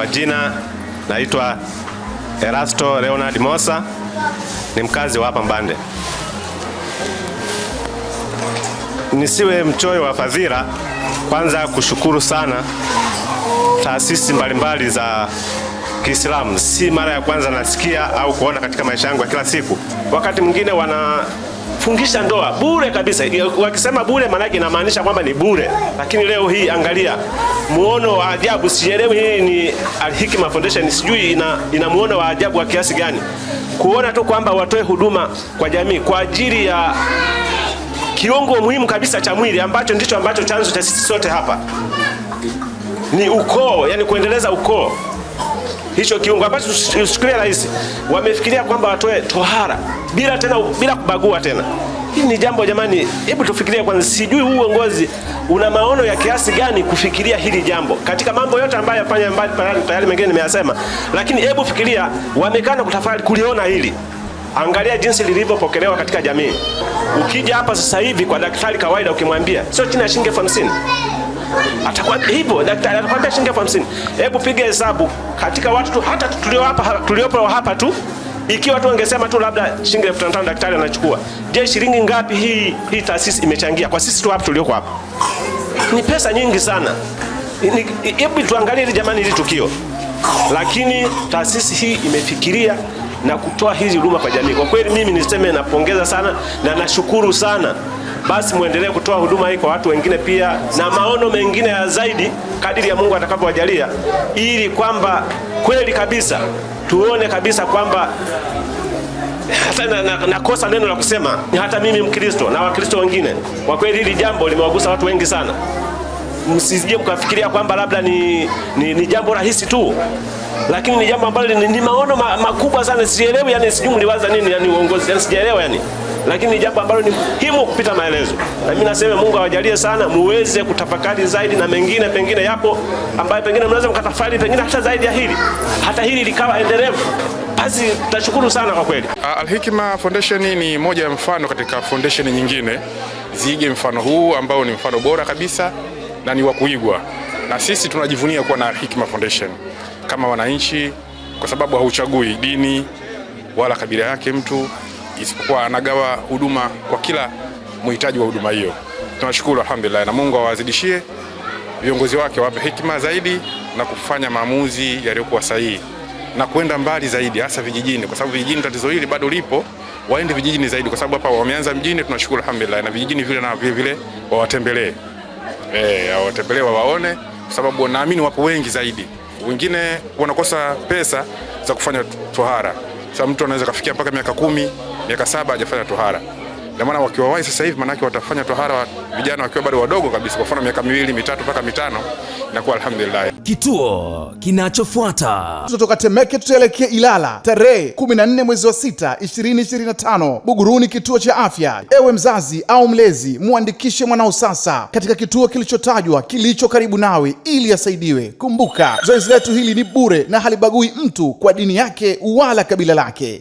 Kwa jina naitwa Erasto Leonard Mosa, ni mkazi wa hapa Mbande. Nisiwe mchoyo wa fadhila, kwanza kushukuru sana taasisi mbalimbali za Kiislamu. Si mara ya kwanza nasikia au kuona katika maisha yangu ya kila siku. Wakati mwingine wana fungisha ndoa bure kabisa. Wakisema bure, maanake inamaanisha kwamba ni bure, lakini leo hii angalia muono wa ajabu. Sielewi hii ni al Foundation, sijui ina, ina muono wa ajabu wa kiasi gani, kuona tu kwamba watoe huduma kwa jamii kwa ajili ya kiungo muhimu kabisa cha mwili ambacho ndicho ambacho chanzo cha sisi sote hapa ni ukoo, yani kuendeleza ukoo hicho kiungo ambacho tusichukulia rahisi. Wamefikiria kwamba watoe tohara bila tena bila kubagua tena. Hii ni jambo jamani, hebu tufikirie kwanza. Sijui huu uongozi una maono ya kiasi gani kufikiria hili jambo katika mambo yote ambayo yafanya mbali, tayari mengine nimeyasema, lakini hebu fikiria, wamekana na kutafakari kuliona hili. Angalia jinsi lilivyopokelewa katika jamii. Ukija hapa sasa hivi kwa daktari kawaida, ukimwambia sio chini ya shilingi elfu hamsini atakwambia hivyo. Daktari atakwambia shilingi elfu hamsini. Hebu piga hesabu katika watu tu, hata tuliopo hapa tu, ikiwa tu wangesema tu labda shilingi elfu tano daktari anachukua, je, shilingi ngapi hii hii taasisi imechangia kwa sisi tu hapa tulioko hapa? Ni pesa nyingi sana. Hebu tuangalie hili jamani, hili tukio, lakini taasisi hii imefikiria na kutoa hizi huduma kwa jamii. Kwa kweli mimi niseme napongeza sana na nashukuru sana. Basi muendelee kutoa huduma hii kwa watu wengine pia, na maono mengine ya zaidi kadiri ya Mungu atakavyowajalia, ili kwamba kweli kabisa tuone kabisa kwamba hata na, na, na neno la kusema hata mimi Mkristo na Wakristo wengine, kwa kweli hili jambo limewagusa watu wengi sana msije mkafikiria kwamba labda ni, ni, ni jambo rahisi tu, lakini ni jambo ambalo ni, ni maono ma, makubwa sana. Sielewi yani, sijui mliwaza nini yani uongozi yani, sijaelewa yani, lakini ni jambo ambalo ni muhimu kupita maelezo, na mimi nasema Mungu awajalie sana muweze kutafakari zaidi, na mengine pengine yapo ambayo pengine mnaweza mkatafakari pengine hata zaidi ya hili, hata hili likawa endelevu basi tutashukuru sana kwa kweli. al Foundation ni moja ya mfano katika foundation nyingine, ziige mfano huu ambao ni mfano bora kabisa na ni wa kuigwa, na sisi tunajivunia kuwa na Hikma Foundation kama wananchi, kwa sababu hauchagui dini wala kabila yake mtu, isipokuwa anagawa huduma kwa kila mhitaji wa huduma hiyo. Tunashukuru, alhamdulillah, na Mungu awazidishie viongozi wake, wape hikima zaidi na kufanya maamuzi yaliyokuwa sahihi na kwenda mbali zaidi, hasa vijijini, kwa sababu vijijini tatizo hili bado lipo. Waende vijijini zaidi, kwa sababu hapa wameanza mjini. Tunashukuru, alhamdulillah, na vijijini vile na vile vile wawatembelee eh, watembelee wawaone, kwa sababu naamini wapo wengi zaidi. Wengine wanakosa pesa za kufanya tohara. Sasa mtu anaweza kafikia mpaka miaka kumi, miaka saba hajafanya tohara. Ndio maana wakiwa sasa hivi, maanake watafanya tohara vijana wakiwa bado wadogo kabisa, kwa mfano miaka miwili mitatu mpaka mitano, inakuwa alhamdulillah. Kituo kinachofuata tutatoka Temeke, tutaelekea Ilala tarehe 14 mwezi wa sita 2025, Buguruni, kituo cha afya. Ewe mzazi au mlezi, muandikishe mwanao sasa katika kituo kilichotajwa kilicho karibu nawe ili asaidiwe. Kumbuka zoezi letu hili ni bure na halibagui mtu kwa dini yake wala kabila lake.